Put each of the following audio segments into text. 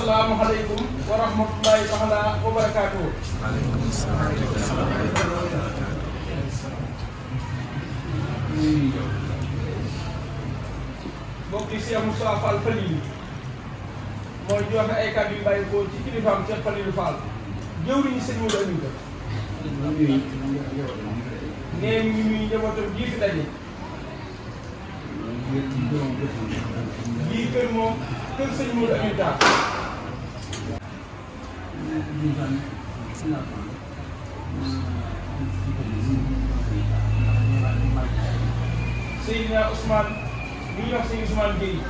asalaamualeykum wa rahmatullahi taala wa barakaatuhu. mbokk yi Cheikh Moussa Fall Falilou mooy joxe ay kàddu yu bàyyi ko ci kilifaam Cheikh Falilou Fall jëwriñu sëñ Modou Aminta. nee ñu muy njabootam ji fi daje. lii kër moom kër sëñ Modou Aminta. Seydina Usman, bu ñuy Usman Seydina Ousmane Gueye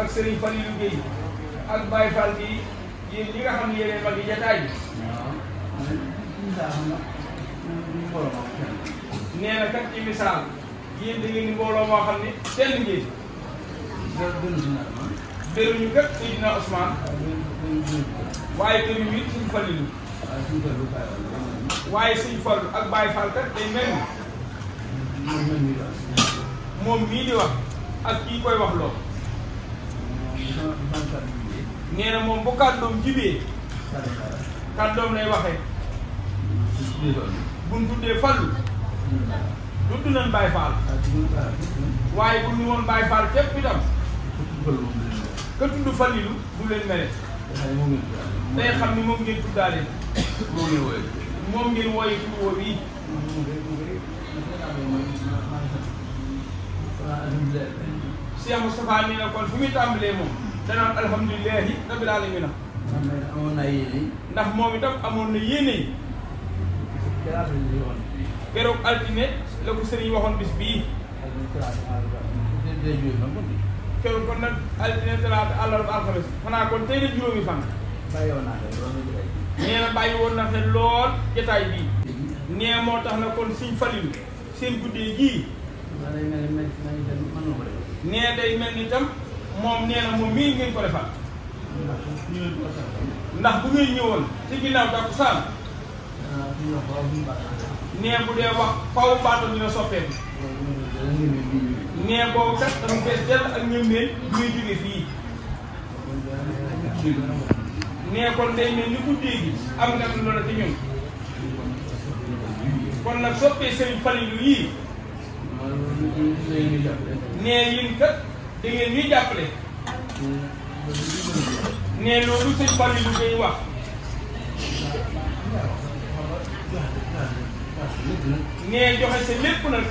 ak Serigne Falilou Gueye ak Baye Fall bi yéen ñi nga xam ne yéenay mag yi jataay kat ci misaal yéen da ngeen di mbooloo moo xam ne kenn ngeen. bëruñu kat Seydina Ousmane. waaye tamit wii suñ falilu waaye suñ falu ak Baye Fall kat day mel moom mii di wax ak kii koy wax loo nee na moom bu kàddoom jibee kàddoom lay waxee buñ tuddee fallu dudd nañ Baye Fall waaye bu ñu woon Baye Fall képp itam ka tudd falilu du leen mere day xam ni moom ngeen tuddaale moom ngeen wooyee moom ngeen wooyee tur woo bii na kon fu muy tàmbalee moom danaan alhamdulilahi rabbil alamina amoon na yéene ndax moom itam amoon na yéene yi keroog altine la ko sëriñ waxoon bis bii keroog kon nag altine talaata àllarba alxames xanaa kon tey la juróomi fan nee na bàyyi woon na xel lool jotaay bi nee moo tax na kon suñ falilu seen guddee gii nee day mel tam moom nee na moom ngeen ko defal ndax bu ngeen ñëwoon ci ginnaaw takku saan nee bu wax ak nee kon day mel ni guddee gi am na lu la ci ñun kon nag soppee sëriñ Falilu yii nee yéen kat da ngeen ñuy jàppale nee loolu sëriñ Falilu ngay wax nee joxe sa lépp nag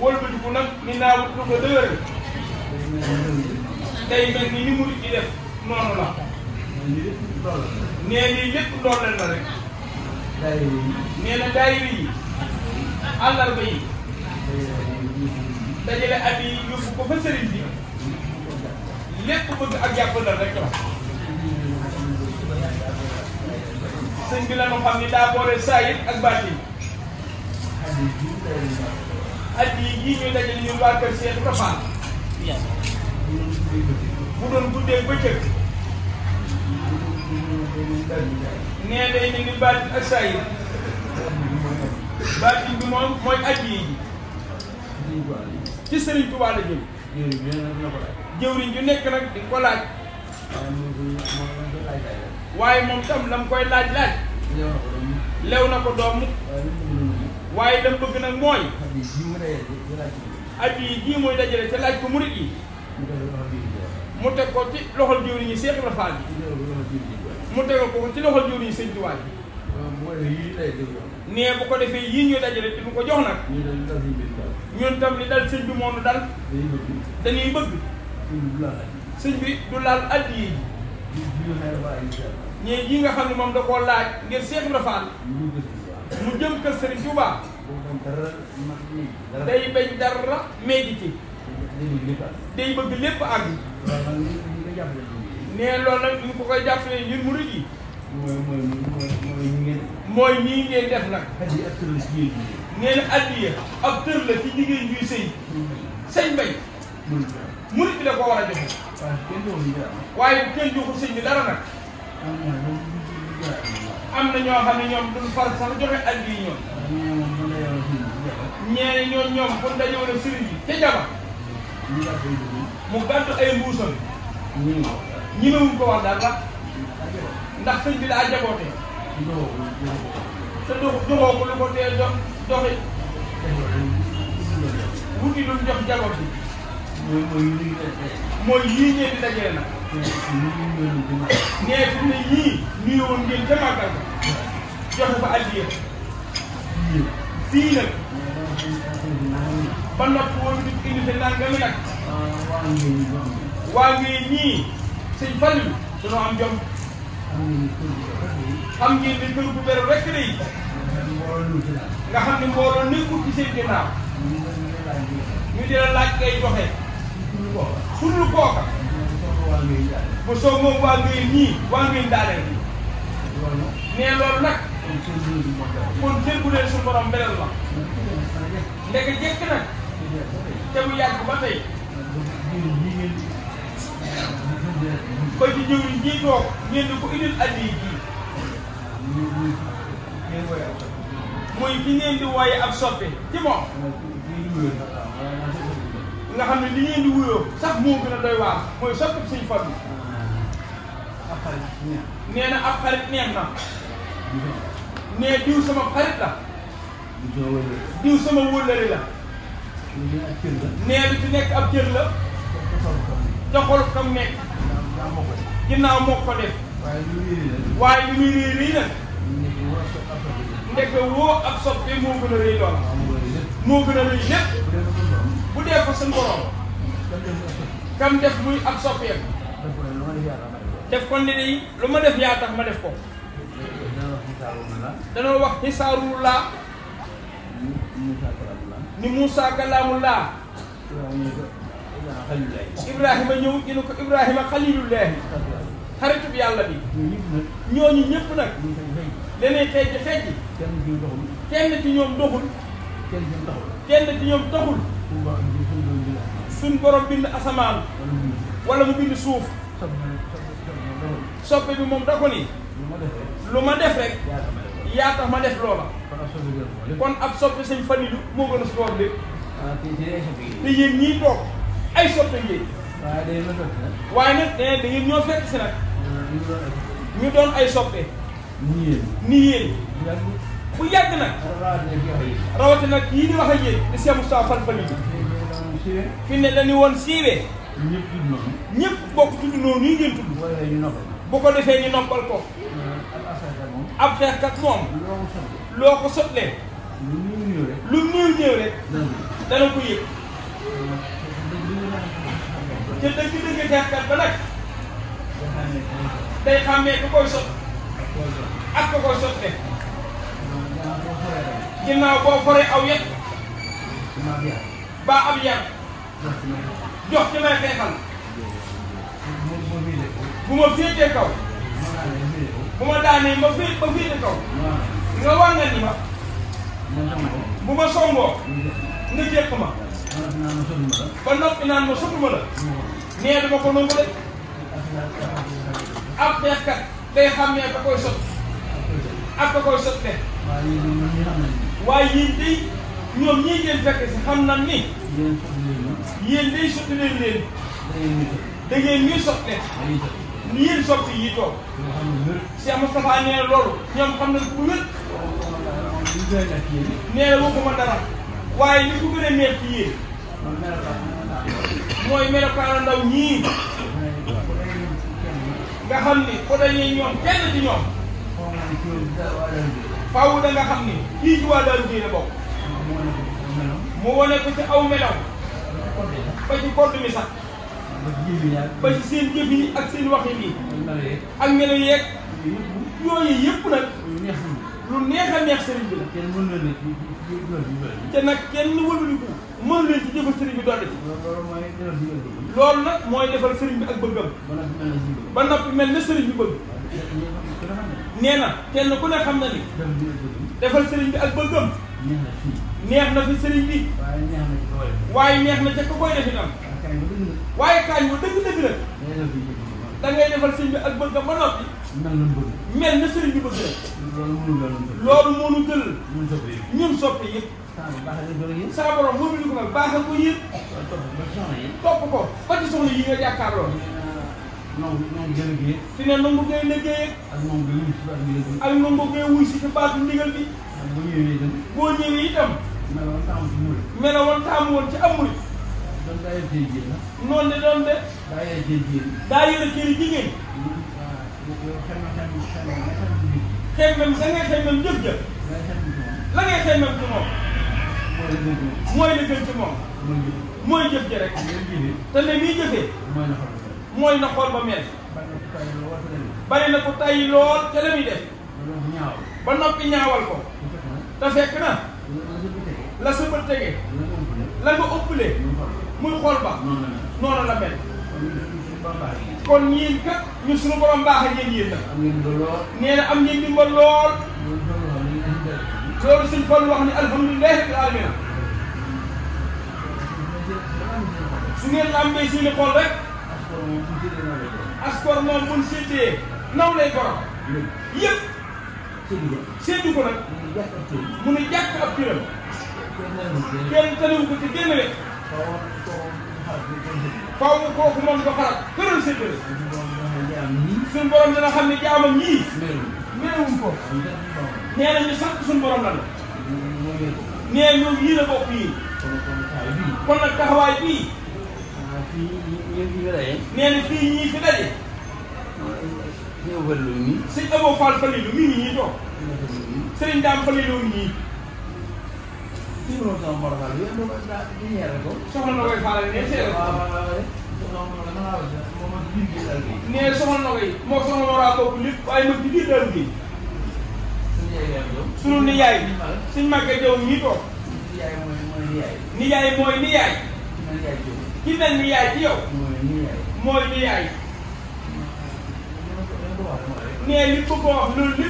wëlbatiku nag ni naawut lu ko dëgëral day mel ni ni mu ci def noonu la nee lii lépp dooleel la rek nee na daayir yi àllarba yi dajale at yi yóbbu ko fa sëriñ bi lépp bëgg ak jàppandal rek la sëñ bi la ñu xam ni daa boole saayir ak baatin at yi ñu dajale ñu waa Cheikh Rafaal bu doon guddee bëccëg nee day ni ni baat ak baat bi moom mooy aj yi ci Sëriñ Tuubaa la jëm jëwriñ ju nekk nag di ko laaj waaye moom tam la koy laaj laaj lew na ko doomu waaye dam bëgg nag mooy aj yi jii mooy dajale laaj ko murit yi mu teg ko ci loxol jiwriñ yi Cheikh Ibra Fall bi mu teg ko ci loxol jiwriñ yi sëñ Tuubaa bi nee bu ko defee yii ñuy dajale di mu ko jox nag ñun tam li dal sëñ bi moonu dal dañuy bëgg sëñ bi du laal addi yi ñee yi nga xam ne moom da koo laaj ngir Cheikh Ibra mu jëm kër Serigne Touba day bañ dara meegi day bëgg a àgg. nee loolu nag ñu ko koy jàppalee ñun murid yi. mooy mooy mooy ñi ngeen. mooy ñii ngeen def nag. addiya la ci jigéen ñi. nee na addiya ab tër la ci jigéen ñuy sëy. sëñ bay. murid bi da koo war a joxe. waaye kenn joxu sëñ bi dara nag. am na ñoo xam ne ñoom duñ far sax joxe addiya ñoom. ñee ñoom ñoom bu ñu dajoo ne sëriñ ca jaba. mu gàntu ay mbuusam. ñemewuñ ko wax daal ndax sëñ bi daa jaboote. te do doxoo ko lu ko tee dox doxi. wuti lu jox jaboot bi. mooy lii ngeen di dajale nag. nee fi mu ne ñii nuyu woon ngeen ca màggal joxe fa ba na woon nit indi sa nangam nag. waa ngeen ñii sëñ Fallu dañoo am jom. xam ngeen ni kër gu bëri rek day. nga xam ne mbooloo nekkul ci seen di la laaj ngay joxe. suñu kooka. bu soo moom waa ngeen ñii waa ngeen daaneel. nee loolu nag. kon kër gu leen su borom ndeke jekk nag. te mu yàgg ba tey. ba ci jiw yi ñuy toog ngeen di ko indil addi ji. mooy ki ngeen di wooye ab nga xam ne li ngeen di wuyoo sax a doy waar mooy soppe suñu fan bi. nee na ab xarit neex na. nee diw sama xarit la. diw sama wóllare la. nee lu ci nekk ab cër la. ca xol kam nekk. ginnaaw moo ko def. waaye lu muy réer nag. ndek woo ab soppe moo gën a rëy lool. moo gën a rëy lépp. bu dee fa suñu borom. kam def muy ab soppeem. def kon ne lu ma def yaa tax ma def ko. danoo wax xisaaru laa. ni Moussa kalaamullah Ibrahima ñëw ñu ko Ibrahima xalilullahi xaritub yàlla bi ñooñu ñëpp nag leneen xeej ji xeej kenn ci ñoom doxul kenn ci ñoom taxul suñ borom bind asamaan wala mu bind suuf soppe bi moom da ko ni lu ma def rek yaa tax ma def loola kon ab soppe sëñ Faliilu moo gën a soor de. te yéen ñii toog ay soppe ngeen. waaye nag nee eh, da ñoo fekk si nag. ñu doon ay soppe. nii yéen nii yéen. bu yàgg nag. rawatina nag yi di wax ak yéen di Cheikh Moustapha Fall Faliilu. fi ne dañu woon siiwee. ñëpp bokk tudd noonu nii ngeen tudd. bu ko defee ñu noppal ko. ab xeexkat moom. loo ko sotlee lu ñuy ñëw rek lu ñuy ñëw rek dana ko yëg te dëgg dëgg jàkkaat ba nag day xàmmee ku koy sot ak ku koy sotle ginnaaw boo foree aw yet ba am yar jox ci may feexal bu ma féetee kaw bu ma daanee ma féet ba féete kaw nga wàññil ni ma. bu ma songoo. nga jékku ma. ba noppi naan ma sotuma la. nee dama ko nangu de. ab beexkat day xàmmee ka koy sot. ak koy sot de. waaye yéen day ñoom ñii ngeen fekk si xam nan ni. yéen day sotti leen leen. da ngeen ñuy liir sopp yi toog. Cheikh Moustapha nee na loolu ñoom xam nañ bu wér. nee na waxuma dara waaye li ko gën a neex ci yéen. mooy melokaanu ndaw ñii. nga xam ni ko dañuy xam ni kii ci waa Daaru Géey la bokk. ko ci aw melaw. ba ci kodd ba ci seen jëf yi ak seen wax yi ak melo yeeg yooyu yëpp nag lu neex a neex sëriñ bi la kenn mën na ci te nag kenn wëlbaliku mën leen ci jëfal sëriñ bi dolli ci loolu nag mooy defal sëriñ bi ak bëggam ba noppi mel na sëriñ bi bëgg nee kenn ku ne xam na ni defal sëriñ bi ak bëggam neex na fi sëriñ bi waaye neex na ca ko koy def itam waaye kaay wa dëgg-dëgg la. da ngay defal sëñ bi ak bëggam ba noppi. mel na bëgg. mel na sëriñ bi bëgg rek. loolu mënu gën ñun soppi yëpp. saa borom moo bind ko fa baaxal ko yëpp. topp ko ba ci soxna yi nga jàkkaarloo. nangu nangu gën a liggéey. fi ne nangu ngay liggéey. ak nangu ngay wuy si baatu ndigal bi. ak nangu ngay wuy si baatu ndigal bi. boo ñëwee itam. boo ñëwee itam. melawoon taamu woon ci amul. loolu daa yor jëli jigéen la. noonu la doon de. daa yor jëli jigéen. daa yor jëli jigéen. xëy na da ngay xëy na jëf jëf. la ngay xëy na ci moom. mooy la gën ci moom. mooy jëf ji rek. te ne muy jëfee. mooy na xool ba mel. bari na ko tay lool te la muy def. ba noppi ñaawal ko. te fekk na. la sa bët tege. la nga ëppalee. muy xool ba. noonu la mel. kon ñiin kat ñu suñu borom baax a yéen yéen la. nee na am ngeen dimbal lool. loolu suñ fan wax ni alhamdulilah rabbil alamin. su ngeen làmbee seeni xol rek. askor moom buñ seetee naw lay borom. yëpp. séddu ko nag. mu ne jàkk ab turam. kenn tënku ko ci génn wet. faaw kooku moom nga faral gëral séddale. suñu borom dina xam ne jaamam yii. meewuñ ko. nee na ñu sant suñu borom lan la. nee ñoom yii la bokk yii. kon nag taxawaay bii. nee na fii ñii fi daje. sëñ Abo Fall Falilou mii ngi ñuy toog. sëriñ Daam Falilou ñii. kii moom sama mbooloo Fall bi ne seet. waaw waaw waaw soxla moom la ma la moom ak biir bi daal bii. nee soxla na koy moo soxla moo raa bokk lépp waaye nag ci biir daal bii. suñu yaay yaay yow. suñu nijaay suñ màgg yow ñii toog. nijaay mooy mooy nijaay. nijaay mooy nijaay. ki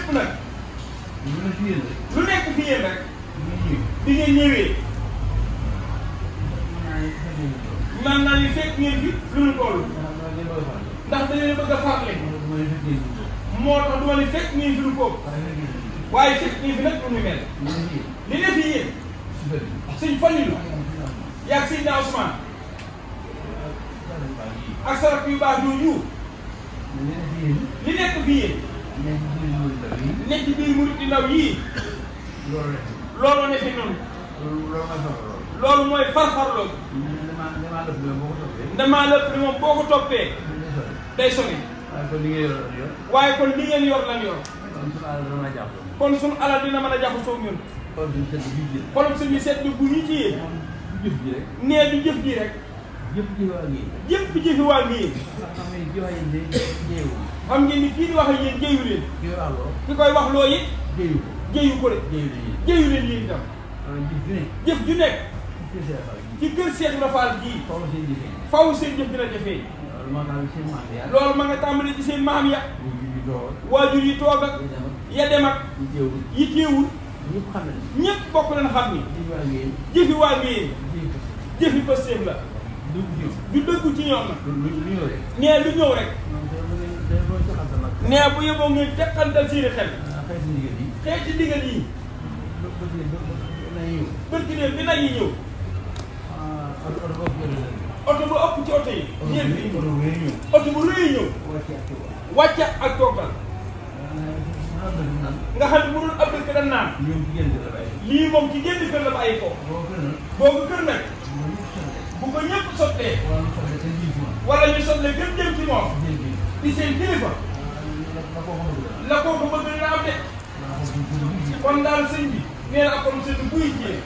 mel lu nekk fi yéen rek. bi ngeen ñëwee naan naa ni fekk ngeen fi lu mu toll ndax da leen bëgg a fàttali moo tax du ma ne fekk ngeen fi lu ko waaye fekk ngeen fi nag lu muy mel li ne fi yéen sëñ Falilu yaa ngi sëñ naa Ousmane ak sarab yu baax yooyu li nekk fi yéen nekk biir murid di loolu ne fi noonu. loolu mooy farfarloo. damaa lépp li moom boo ko toppee. day sori. waaye kon li ngeen yor lan yor. kon suñu alal dina mën a jàpp soo ñun. xolam suñu seet bi bu ñu ciyee. nee du jëf ji rek. jëf ji waa ngi. jëf jëfi ngi. ni kii di wax ak yéen jéeyu leen. ki koy wax loo yi. jéeyu ko de. jéeyu leen yéen itam. Ah, jëf ju nekk. ci kër Seex Ibra Faal gii. faw seen jëf dina jafee. ma nga tàmbalee ci seen maam ya. waajur yi toog ak. ya dem ak. yi teewul. ñëpp xam nañ ñëpp bokk nañ xam ni. jëfi waa ngeen. jëfi ba la. du dëggu ci ñoom nag. nee lu rek. nee bu yeboo ngeen teqantal seeni xel. xeeti ndigal yi. bët yi bi nag yi ñëw. oto ba ëpp ci oto yi. ñeent yi ñëw oto bu rëy ñëw. wàcce ak toogal. nga xam ne mënul abdul ka daan naan. lii moom ci génn kër la ba ay ko. boobu kër nag. bu ko ñëpp sottee. wala ñu sottee gën jëm ci moom. di seen kilifa. la kooku bëgg naa am de. kon daal sëñ bi nee na akoon sëñ buy jiyee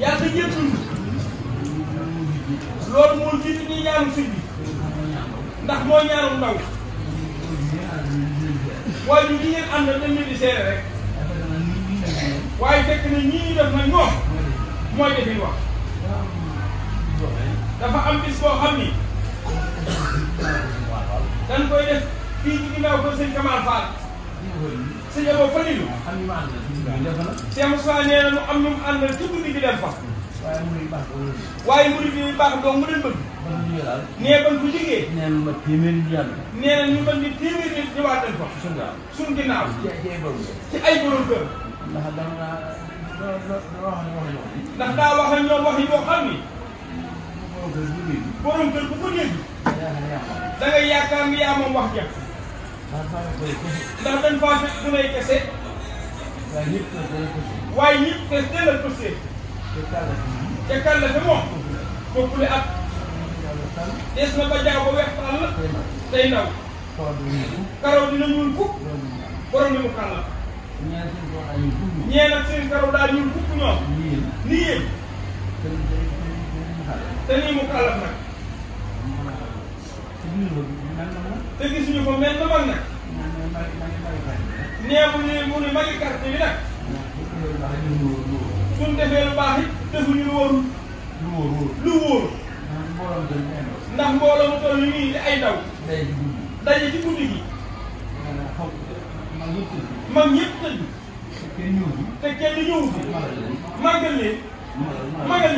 yàlla ñëpp dund loolu moo jiitu ñuy ñaanu sëñ bi ndax moo ñaanu ndaw waaye ñu li ngeen àndal dañ leen di seere ya, rek waaye fekk na ñii ñu def nag ñoom mooy defin wax dafa am bis boo xam ni koy def fii ci ginnaaw ko sëñ Kamal Fall sëñ Abo Fadilou. Ah, Cheikh Moussa nee na mu am ñu mu àndal ci guddi gi dem fa. waaye murid yi baax doon waaye murid yi baax doon mu leen bëgg. nee ban bu jógee. nee na ma téeméeri ñu yàlla. nee na ñu mën di téeméeri nit ñëwaat nañ fa. suñ ginnaaw suñ ginnaaw. ci ay borom kër. ndax da nga ndax daa wax ak ñoom wax yi boo xam ni. borom kër bu ko dégg. da ngay yaakaar ni yaa moom wax ja. ndax dañ faa fekk du lay kese. waaye waaye ñëpp kese day la kese. te kàlla moom. te kàlla fi moom. bokkule at. des na ba jaaw ba weex tàll. day ndaw. karaw dina ñuul kukk. borom ni mu kàlla. ñee nag seen karaw daal ñuul kukk ñoom. nii yéen. te nii mu kàlla te gisuñu ko mel na mag nag. nee mu ne mu ne magi carte bi nag. suñ defee lu baax it defuñu lu wóorul. lu wóorul lu wóorul. ndax mbooloo mu toll nii di ay ndaw. daje mag ñëpp tëju. te kenn ñëwu fi. màggal leen. màggal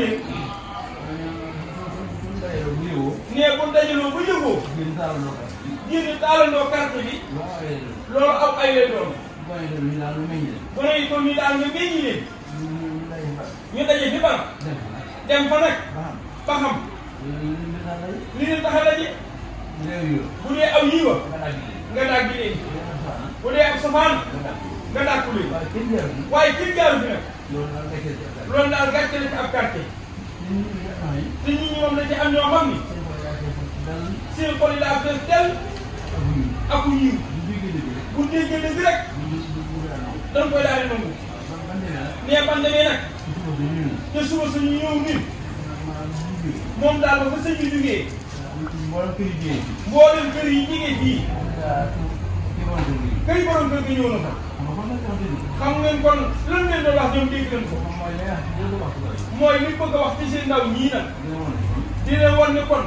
ne bu dajaloo ba yëngoo. génn taalandoo carte bi. génn taalandoo carte bi. loolu aw ay lay doon. loolu aw ay lay doon. bu ne ko mi daal nga meññ leen. ñu daje fi ba. dem fa nag. ba xam. li leen tax a daje. bu dee aw yiiwa. nga dàgg leen. bu dee ab safaan. nga dàgg leen. waaye kenn jaaru fi nag. loolu daal gàcce la ci ab quartier. te nit ñi moom la ci am ñoo xam ni. seen xol yi daa fees dell ak wu ñëw bu déggee dëgg rek dañ koy daal di nangu mais ban demee nag te suba suñu ñëw nii moom daal ba fa sëñ bi jugee mboolem kër yi jigéen fii kër borom kër gi ñëw na fa xam ngeen kon lan ngeen doon wax ñoom dégg nañ ko mooy li bëgg a wax ci seen ndaw ñii nag dina wan ne kon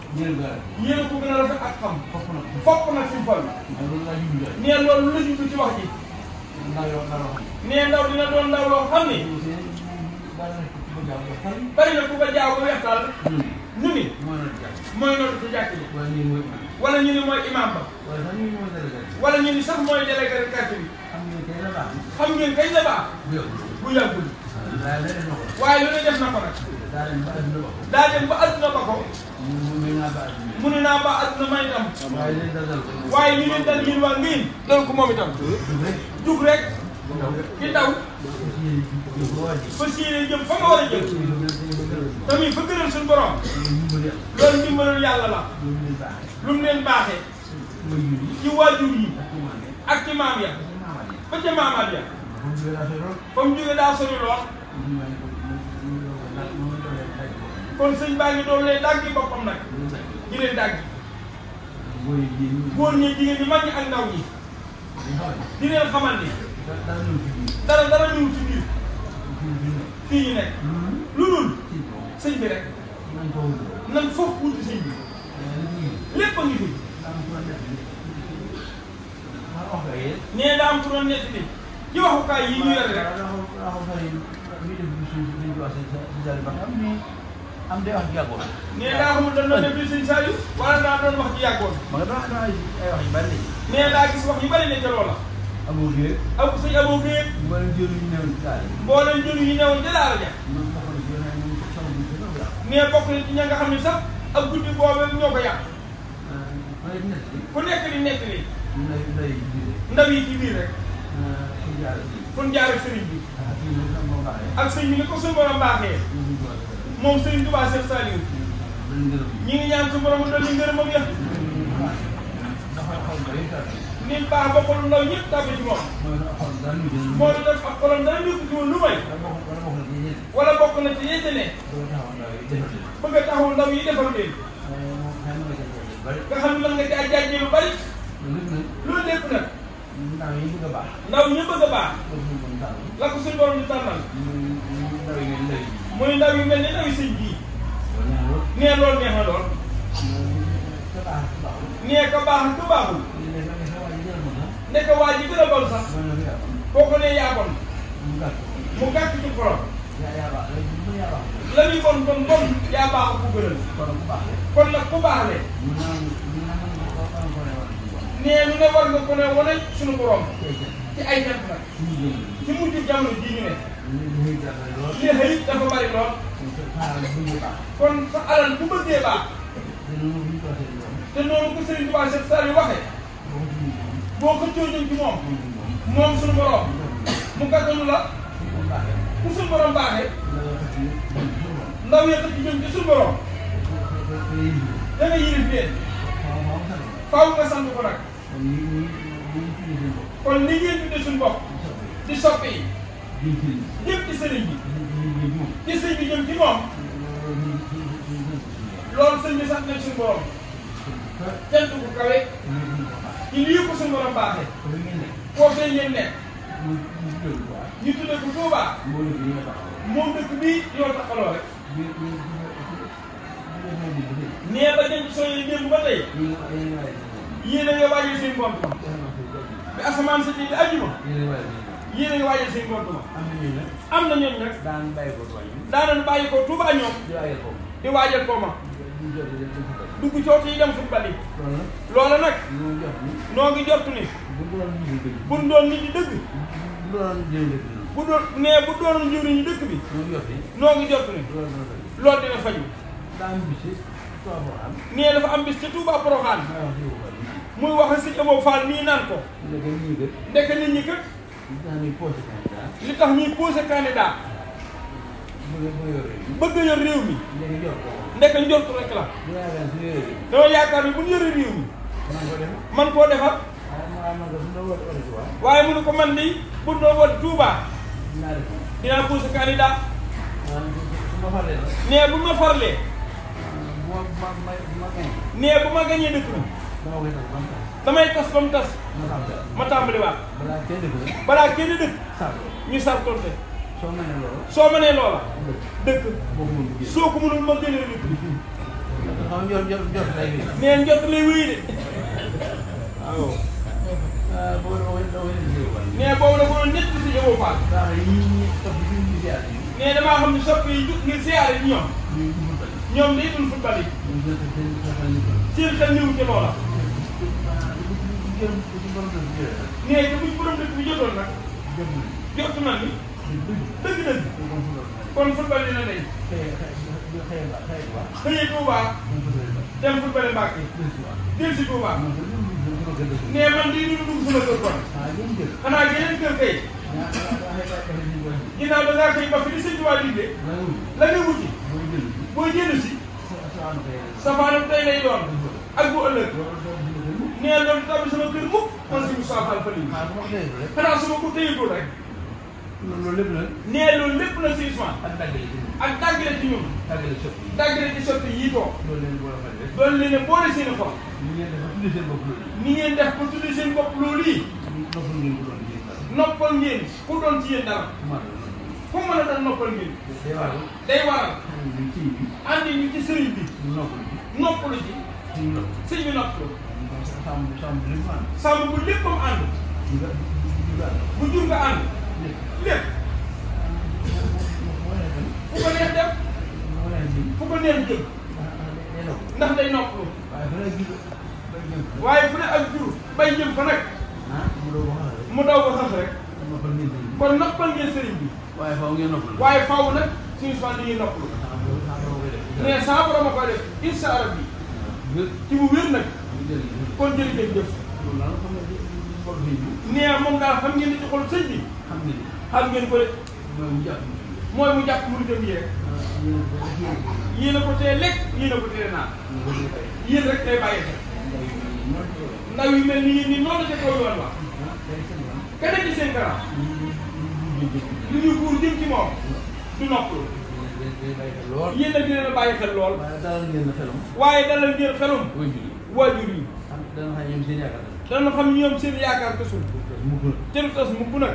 ñeen ko gën a rafet ak xam fopp nag suñu fal neen loolu lu jublu ci wax ji neen ndaw dina doon ndaw loo ni bari na ku ko jaaw ba weex daal hmm. ñu ni mooy noonu ci jàkk ji wala ñu ni mooy imam ba wala ñu ni sax mooy délégué quartier bi xam ngeen kañ la baax bu yàggul waaye lu ne def na ko nag daa dem ba ba ko mu ne naa ba àdduna may itam. waaye li leen dal yéen waa ngeen dal ko moom itam. jug rek. di daw. fas yéene jëm fa nga war a jëm. tamit fa gënal suñu borom. loolu ndimbalul yàlla la. lu mu leen baaxee. ci yi. ak ci maam ya. ba ca maamaat ya. fa mu jógee daa sori lool. kon sëñ baa ngi doon lee dàgg yi boppam nag di leen dàgg góor ñi jigéen ñi mag ñi ak ndaw ñi di leen xamal ni dara dara ñëw ci biir fii ñu nekk lu dul sëñ bi rek nan foofu wuti sëñ bi lépp a ngi fi nee daa am ku doon nekk ni ci waxukaay yi ñu yore rek am day wax ji yàggoon. nee daa xamul doon na déglu sëñ Saliou wala daa doon wax ji yàggoon. ma nga doon ay wax yu bari lañ. nee daa gis wax yu bari lañ ca loola. aboo géer. ab sëñ aboo géer. mboolem jëlu ñu newoon ci daara. mboolem jëlu ñu newoon ci daara ja. nee bokk na ci ña nga xam ne sax ab guddi boobu ñoo ko yàq. ku nekk li nekk li. ndaw yi ci biir rek. Ah, fu ñu jaar ak sëriñ bi. Ah, ak sëñ bi ni ko suñu borom baaxee. moom Serigne Touba Cheikh Saliou ñi ngi ñaan su borom dolli ngërëmam ya ni baax ba xolum ndaw ñëpp tàbbi ci moom moo di def ak xolom dara ñëpp ci woon lu may wala bokk na ci yéete ne bëgg a taxawu ndaw yi defal leen nga xam ne mën nga ci aj jaajee lu bari loolu lépp nag ndaw yi bëgg a baax ndaw ñu bëgg a baax la ko suñu borom di tànnal muy ndaw me mel ne ndaw yu sëñ bii. nee loolu neex na lool. nee ko baax ku baaxul. nekk waa ji gën a bon sax. kooku ne yaa bon. mu gàtt ci xolam. la muy bon bon bon yaa baax ku gënal. kon nag ku baax le. nee lu ne war nga ko ne wane sunu borom. ci ay jant nag. ci mujj jamono jii ñu ne. neexe yi dafa bari lool. kon sa alal bu bëggee baax. te noonu ko Serigne Touba Cheikh Sall yi waxee. boo ko joojoon ci moom. moom suñu borom. mu gàttanu la. ku suñu borom baaxee. ndaw ya ci jëm ci suñu borom. da nga yilif leen. faaw nga sant ko nag. kon li ngeen tuddee suñu bopp. di soppi. lépp ci sëriñ bi ci sëriñ jëm ci moom loolu sëriñ bi sax nañ suñu borom kenn du ko kawe ci ko suñu borom nekk ñu tuddee ko Touba moom dëkk bii yoo taxaloo rek nee ba jëm soo yee démb ba tey yéen a nga waajal seen bopp bi asamaan sa ji di ajuma yéen a ngi waajal seen bopp ma. am na ñooñu nag. am na ñooñu nag. daan bàyyi ko Touba ñoom. daan bàyyi ko Touba ñoom. di waajal ko ma. di waajal ko ma. dugg coot yi dem football yi. loola nag. noo ngi jot ni. bu doon nit ñi dëgg. bu doon bu doon mais bu doon njëriñu dëkk bi. noo ngi jot ni. loolu dina faju. nee dafa am bis ci Touba Porokhane. muy wax si Ebo Fall nii naan ko. ndeke nit ñi kat. li tax ñuy posé candidat bëgg yor réew mi nekk njort rek la dama yaakaar ni bu ñu yore réew mi man koo defar waaye mënu ko man ni bu doo woon Touba dinaa posé candidat nee bu ma farlee nee bu ma gañee dëkk damay tas ba tas ma tàmbaliwaat. balaa kenn dëkk. balaa kenn dëkk. ñu sàrtonte. soo mënee loola. soo mënee loola. dëkk. soo ko mënul ma génne nit. xam nga njot njot lay wéy. nee njot lay wéy de. waaw. boobu la boobu la nee boobu la ko nett si yow Faal. nee damaa xam ne sopp yi jug ngir siyaare ñoom. ñoom day dul football yi. seen xel ñëw ci loola. jëm bu ci borom dëkk bi jëlee. nee te bu ci borom dëkk bi jotoon nag. na jot ni. dëgg dëgg. kon football dina day. xëy na xëy na xëy Touba. dem football Mbàkke. jël si Touba. nee man di ñu dugg sama kër kon. Ah, xanaa yeneen kër kay. ginnaaw da ngaa koy ba fi di sëñ Touba dindee. la wuti. boo jënd si. safaanam tey lay doon. ak bu ëllëg. nee loolu tamit sama kër mukk man suñu saafara fële yi. Ah, xanaa su ma ko téyegul rek. loolu lépp la. nee loolu lépp la si Ousmane. ak dàggale ci ñun. ak dàggale ci ñun. dàggale ci soppi. dàggale ci soppi yii toog. loolu leen boole xel rek. loolu leen boole seen i xol. ni ngeen def ba tuddee seen bopp loolu yi. ni ngeen def ba tuddee seen bopp loolu yi. noppal ngeen ku doon ci yéen dara. noppal ngeen ku doon ci yéen dara. fu mën a dal noppal ngeen. day waral. day waral. andi ñu ci sëriñ bi. noppalu ci. noppalu ci. sëñ bi noppalu. sàmm sàmm lépp ànd. sàmm bu jur nga ànd. lépp. fu ko neex def. fu ko neex jëm. ndax day noppalu. waaye fu ne ak jur bay jëm fa nag. mu daw ba sax rek. kon noppal ngeen sëriñ bi. waaye faaw ngeen faaw suñu mais borom def allah bi. ci bu kon jërëjëf jëf. nee moom daal xam ngeen ni ci xol sëñ bi. xam ngeen ko de. mooy mu jàpp muritam yi rek. yéen a ko tee a ko tee naan. yéen rek day bàyyi xel. ndaw yu mel ni yéen nii noonu la ca kaw yoon wax. ka seen kanam. lu ñu buur jëm ci moom. du noppalu. yéen a dina la bàyyi xel lool. waaye dalal ngeen xelum. waaye dalal ngeen xelum. waajur yi. dana xam ñoom seen yaakaar tasul. dana xam seen yaakaar tasul. te lu tas mukk nag.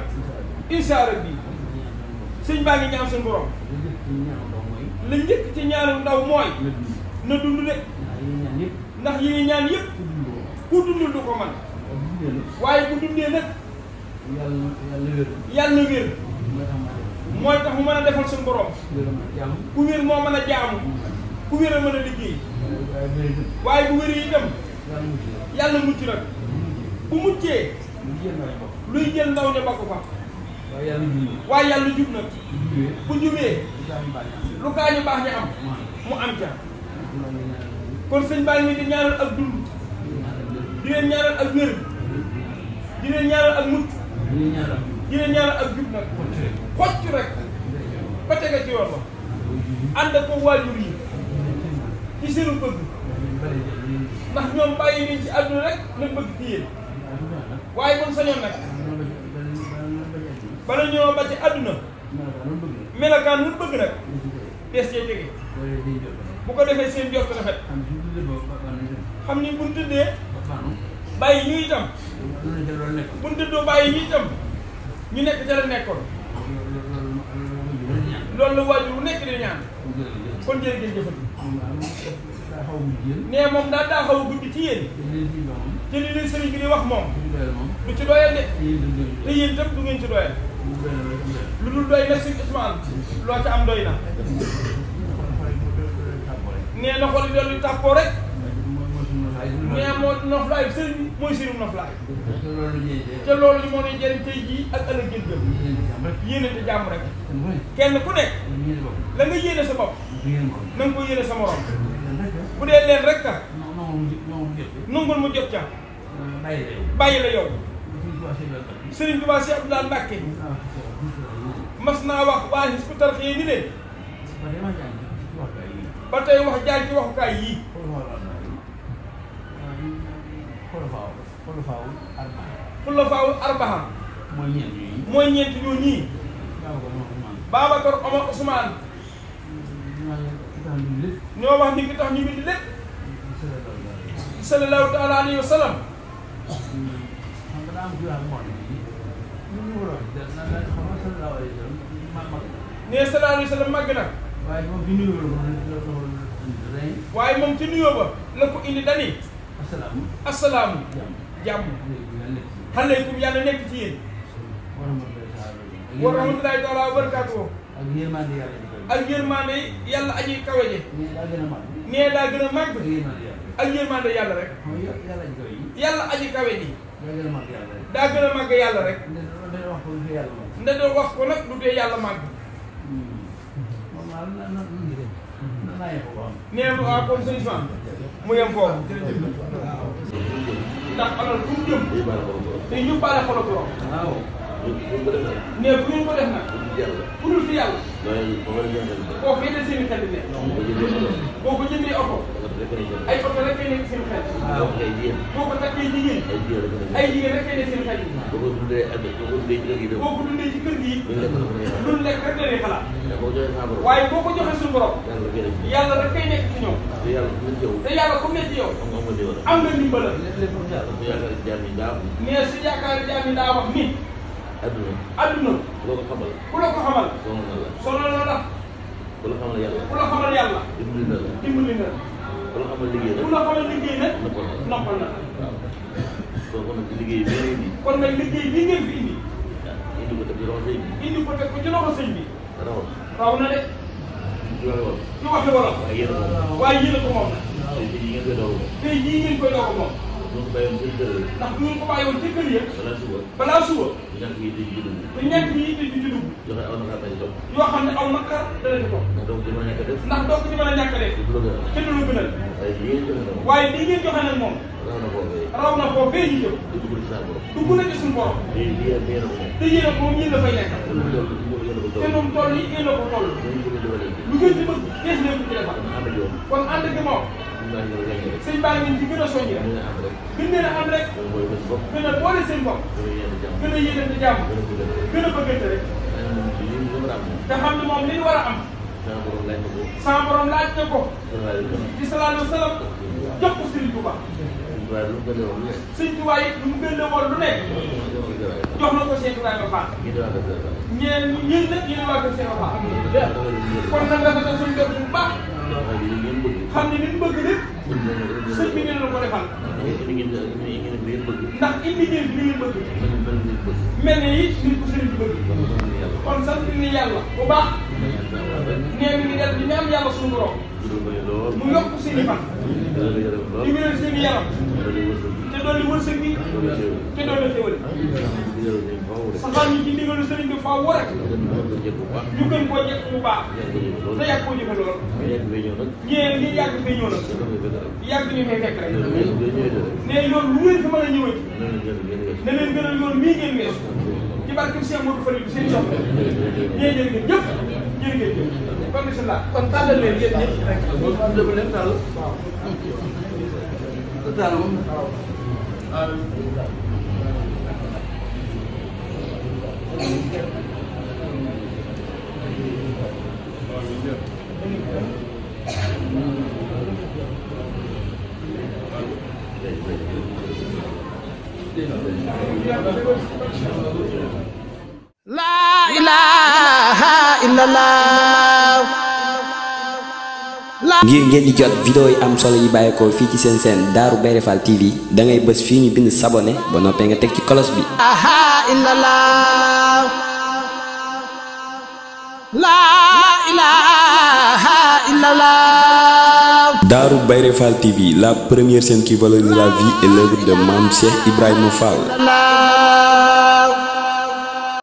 incha allah bii. sëñ baa ngi ñaan suñu borom. la njëkk ci ñaanu ndaw mooy. na dund de. ndax yi ñaan yëpp. ku dundul du ko man waaye bu dundee nag. yàlla yàlla wér. yàlla wér. mooy tax mu mën a defal suñu borom. ku wér moo mën a jaamu. ku wér a mën a liggéey. waaye bu wér yi itam. yàlla mucc nag bu muccee luy jël ndaw ña bakku fa waaye yàlla jub nag bu jubee lu kaa ñu baax ñi am mu am ca kon sëñ baa ngi di ñaanal ak dund di leen ñaanal ak wér di leen ñaanal ak di leen ñaanal ak jub nag xocc rek ba tege ci yoon ba ànd ak ko waajur yi ci seenu bëgg ndax ñoom bàyyi nii ci àdduna rek lañ bëgg ci waaye kon sañoon nag bala ñoo ba ci àdduna melakaan lu bëgg nag des cee jege bu ko defee seen jot rafet xam ni bu ñu tëddee bàyyi ñu itam bu ñu tëddoo bàyyi ñu itam ñu nekk ca la nekkoon loolu la waajur bu nekk di ñaan kon jërëjëf jëfati nee moom daal daa xaw a guddi ci yéen. te li leen sëriñ bi di wax moom. lu ci doyal de. te yéen itam du ngeen ci doyal. lu dul doy na si Ousmane. loo ca am doy na. nee na xool doon yu rek. nee moo noflaay sëriñ bi mooy sëriñ noflaay. te loolu li moo ne jëriñ tey jii ak ëllëg jën jëm. yéene te jàmm rek. kenn ku nekk. la nga yéene sa bopp. na nga ko yéene sa morom. bu dee leen rek ah. mu jot ca. Euh, bàyyi la yow. Serigne Touba Cheikh Abdoulaye Mbacké. Ah, mas naa wax waa Hizbut Tarqiyyah ni leen. ba tey wax jaar ci waxukaay yii. xulafaawul arbaha. mooy ñeent ñooñu. mooy ñeent ñooñu. Babacar Omar Ousmane. ñoo wax ni ki tax ñu bind lépp sallallahu taala alayhi wa sallam nee sallallahu alayhi wa sallam màgg waaye moom ci nuyoo ba la ko indi dani asalaamu jàmm xaleykum yàlla nekk ci yéen wa rahmatullaahi taala wa barakaatu ak yërmande yàlla ji kawe. ak yërmande yàlla aji kawe ji. nee daa gën a màgg. nee daa gën a màgg. ak yërmande yàlla rek. yàlla aji kawe ji. daa gën a màgg yàlla rek. nda doon wax ko nag du tee yàlla màgg. nee hmm. na waaw comme sëñ Fane mu yem foofu. ndax alal fu mu jëm. te ñu baale xolo ko. waaw. bu ko def nag. mais bu ngeen ko def nag. bu dul fi yàlla. kooku yéen a seen i xel di nekk. boo ko jëndee oto. ay oto rek kay nekk seen xel. boo ko takkee jigéen. ay jigéen rek kay nekk seen xel. boo ko dundee ci kër gi. luñ lekk rek la ñuy xalaat. waaye boo ko joxee suñu borom. yàlla rek kay nekk ci ñoom. te yàlla ku nekk ci yow. am nga ndimbalal. mais su yaakaar jaam yi daa wax ni adduna. adduna. ku la ko xamal. ku la ko xamal. sonal na la. sonal na la. ku la xamal yàlla. ku la xamal yàlla. dimbali na la. dimbali na la. ku la xamal liggéey nag. ku la xamal liggéey nag. noppal na la. waaw soo ko nag liggéey bi ngeen indi. kon nag liggéey bi ngeen fi indi. indi ko teg ci loxo sëñ bi. indi ko teg ko ci loxo sëñ bi. raw raw na de. ñu waxe woon. ñu waxe woon. waaye yéen a ko moom. waaye yéen a ko moom nag. tey jii ngeen koy doog a moom. tey jii ngeen koy doog a moom. ñoo ko bàyyiwoon ca mën a ñàkk a def. ndax doo ko ci mën a ñàkk a te du la gënal. waaye li ngeen moom. raw na koo fee ñu jëm. dugg na te yéen ak moom ñun dafay nekk. moom tool yi yéen a ko toll. lu ngeen kon ànd ak moom sëñ Ba ngeen ci gën a soññ rek. gën leen a am rek. gën a boole seen bopp. gën a yéegante jàmm. gën a bëggante rek. te xam ne moom li ñu war a am. sama borom laaj na ko. ci salaalu salaam. jox ko Sëriñ Tuuba. Sëriñ Tuuba it lu mu gën a woon lu nekk. jox na ko Cheikh Ibrahima Fall. ñeen ñun nag ñu ne waa Kër Cheikh Fall. kon nag dafa def suñu def bu baax. xam ne li mu bëgg lépp sëñ bi ngeen la ko defal. ndax indi ngeen li ngeen bëgg. mel na it nit ku sëriñ bi bëgg. kon sant ni yàlla bu baax. nee nañu yàlla di ñaan yàlla suñu borom. mu yokk seen i fan. di wéral seen i yaram. doon li wërsëg bi. te doon la xéwal. sa fan yi ci ndigalu sëriñ bi faaw rek. ñu fay ñëw nag. nee li yàgg fay ñëw nag. yàgg ñu fay fekk rek. nee yoon lu ngeen fi mën a ñëwee ci. na leen gën a yoon mii ngeen weesu. ci barke Cheikh Modou Fari bi seen soxla. nee jërë ngeen jëf jërë ngeen jëf. kon bisimilah kon tàllal leen yéen ñëpp rek. loolu leen tàll. waaw. tàll moom. waaw. Thank you. La ilaha illallah ngir ngeen di jot vidéo yi am solo yi bayiko fi ci sen sen daru berefal TV da ngay beus fi ñu bind sabonné ba noppé nga tek ci kolos bi. La ilaha Darou Bayré Fall TV, la première scène qui valorise la vie et l'œuvre de Mam Cheikh Ibrahim Fall.